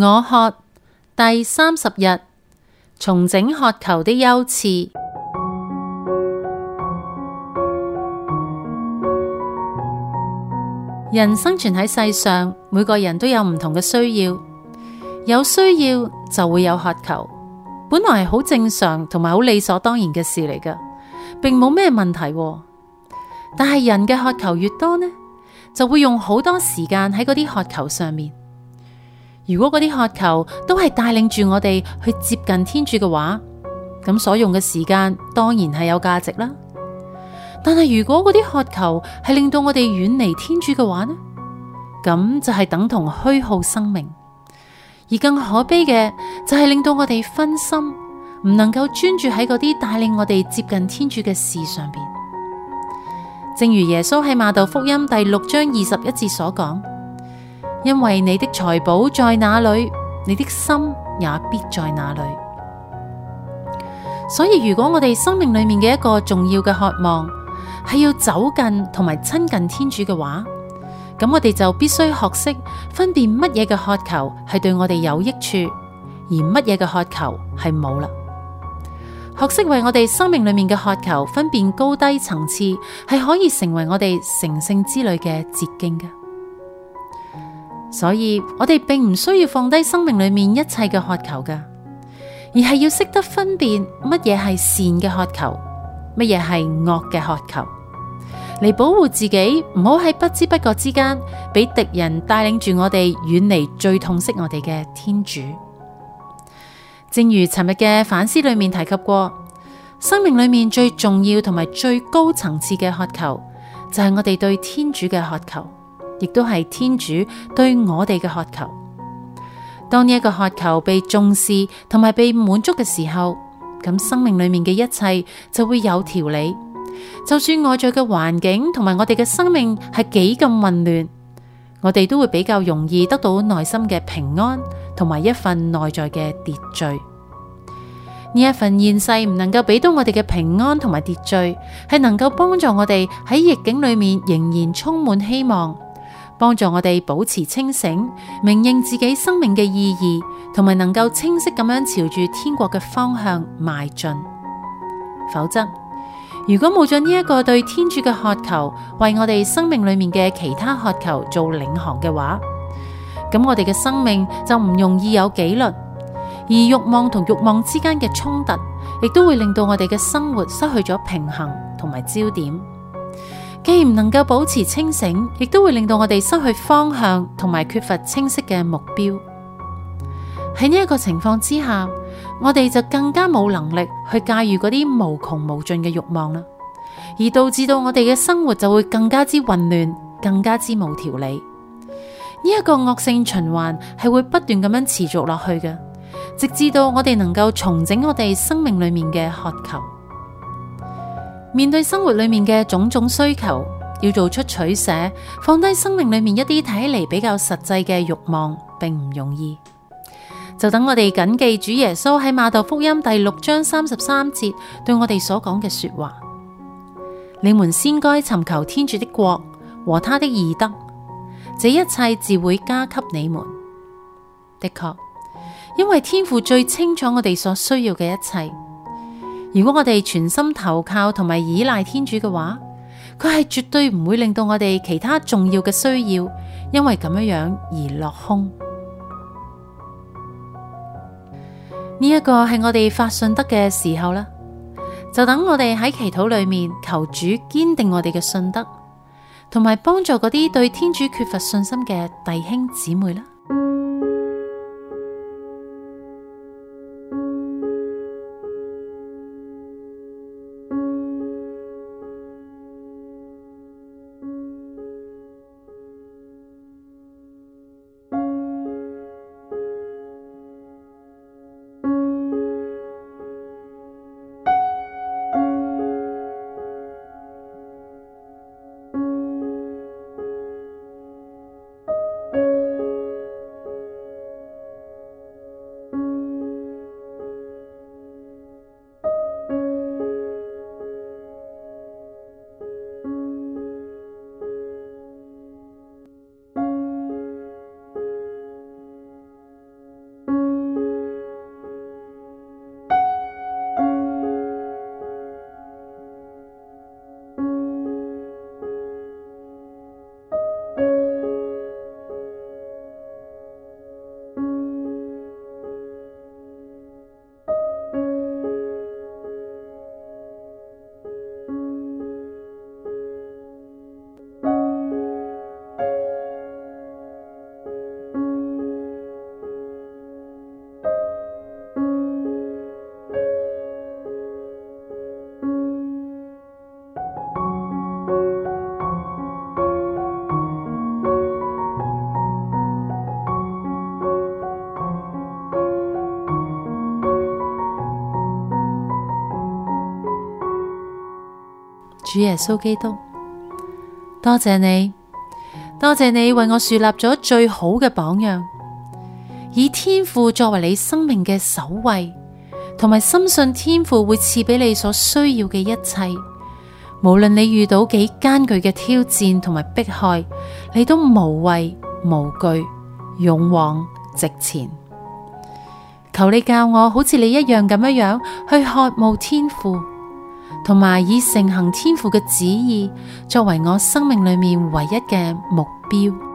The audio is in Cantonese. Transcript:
我渴第三十日，重整渴求的優次。人生存喺世上，每個人都有唔同嘅需要，有需要就會有渴求，本來係好正常同埋好理所當然嘅事嚟㗎，並冇咩問題。但係人嘅渴求越多呢，就會用好多時間喺嗰啲渴求上面。如果嗰啲渴求都係帶領住我哋去接近天主嘅話，咁所用嘅時間當然係有價值啦。但係如果嗰啲渴求係令到我哋遠離天主嘅話呢，咁就係等同虛耗生命。而更可悲嘅就係令到我哋分心，唔能夠專注喺嗰啲帶領我哋接近天主嘅事上邊。正如耶穌喺瑪竇福音第六章二十一節所講。因為你的財寶在那裏，你的心也必在那裏。所以，如果我哋生命裏面嘅一個重要嘅渴望係要走近同埋親近天主嘅話，咁我哋就必須學識分辨乜嘢嘅渴求係對我哋有益處，而乜嘢嘅渴求係冇啦。學識為我哋生命裏面嘅渴求分辨高低層次，係可以成為我哋成聖之旅嘅捷徑嘅。所以我哋並唔需要放低生命裏面一切嘅渴求噶，而係要識得分辨乜嘢係善嘅渴求，乜嘢係惡嘅渴求，嚟保護自己唔好喺不知不覺之間俾敵人帶領住我哋遠離最痛惜我哋嘅天主。正如尋日嘅反思裏面提及過，生命裏面最重要同埋最高層次嘅渴求，就係我哋對天主嘅渴求。亦都係天主對我哋嘅渴求。當呢一個渴求被重視同埋被滿足嘅時候，咁生命裏面嘅一切就會有條理。就算外在嘅環境同埋我哋嘅生命係幾咁混亂，我哋都會比較容易得到內心嘅平安同埋一份內在嘅秩序。呢一份現世唔能夠俾到我哋嘅平安同埋秩序，係能夠幫助我哋喺逆境裏面仍然充滿希望。幫助我哋保持清醒，明認自己生命嘅意義，同埋能夠清晰咁樣朝住天國嘅方向邁進。否則，如果冇咗呢一個對天主嘅渴求，為我哋生命裏面嘅其他渴求做領航嘅話，咁我哋嘅生命就唔容易有紀律，而慾望同慾望之間嘅衝突，亦都會令到我哋嘅生活失去咗平衡同埋焦點。既然唔能夠保持清醒，亦都會令到我哋失去方向，同埋缺乏清晰嘅目標。喺呢一個情況之下，我哋就更加冇能力去駕馭嗰啲無窮無盡嘅慾望啦，而導致到我哋嘅生活就會更加之混亂，更加之冇條理。呢一個惡性循環係會不斷咁樣持續落去嘅，直至到我哋能夠重整我哋生命裏面嘅渴求。面對生活裏面嘅種種需求，要做出取捨，放低生命裏面一啲睇起嚟比較實際嘅欲望，並唔容易。就等我哋謹記主耶穌喺馬竇福音第六章三十三節對我哋所講嘅說話：，你們先該尋求天主的國和他的義德，這一切自會加給你們。的確，因為天父最清楚我哋所需要嘅一切。如果我哋全心投靠同埋倚賴天主嘅話，佢係絕對唔會令到我哋其他重要嘅需要，因為咁樣而落空。呢、這、一個係我哋發信德嘅時候啦，就等我哋喺祈禱裏面求主堅定我哋嘅信德，同埋幫助嗰啲對天主缺乏信心嘅弟兄姊妹啦。主耶穌基督，多謝你，多謝你為我樹立咗最好嘅榜樣，以天父作為你生命嘅首位，同埋深信天父會賜俾你所需要嘅一切。無論你遇到幾艱巨嘅挑戰同埋迫害，你都無畏無懼，勇往直前。求你教我好似你一樣咁樣樣去渴慕天父。同埋以，以承行天父嘅旨意作為我生命裏面唯一嘅目標。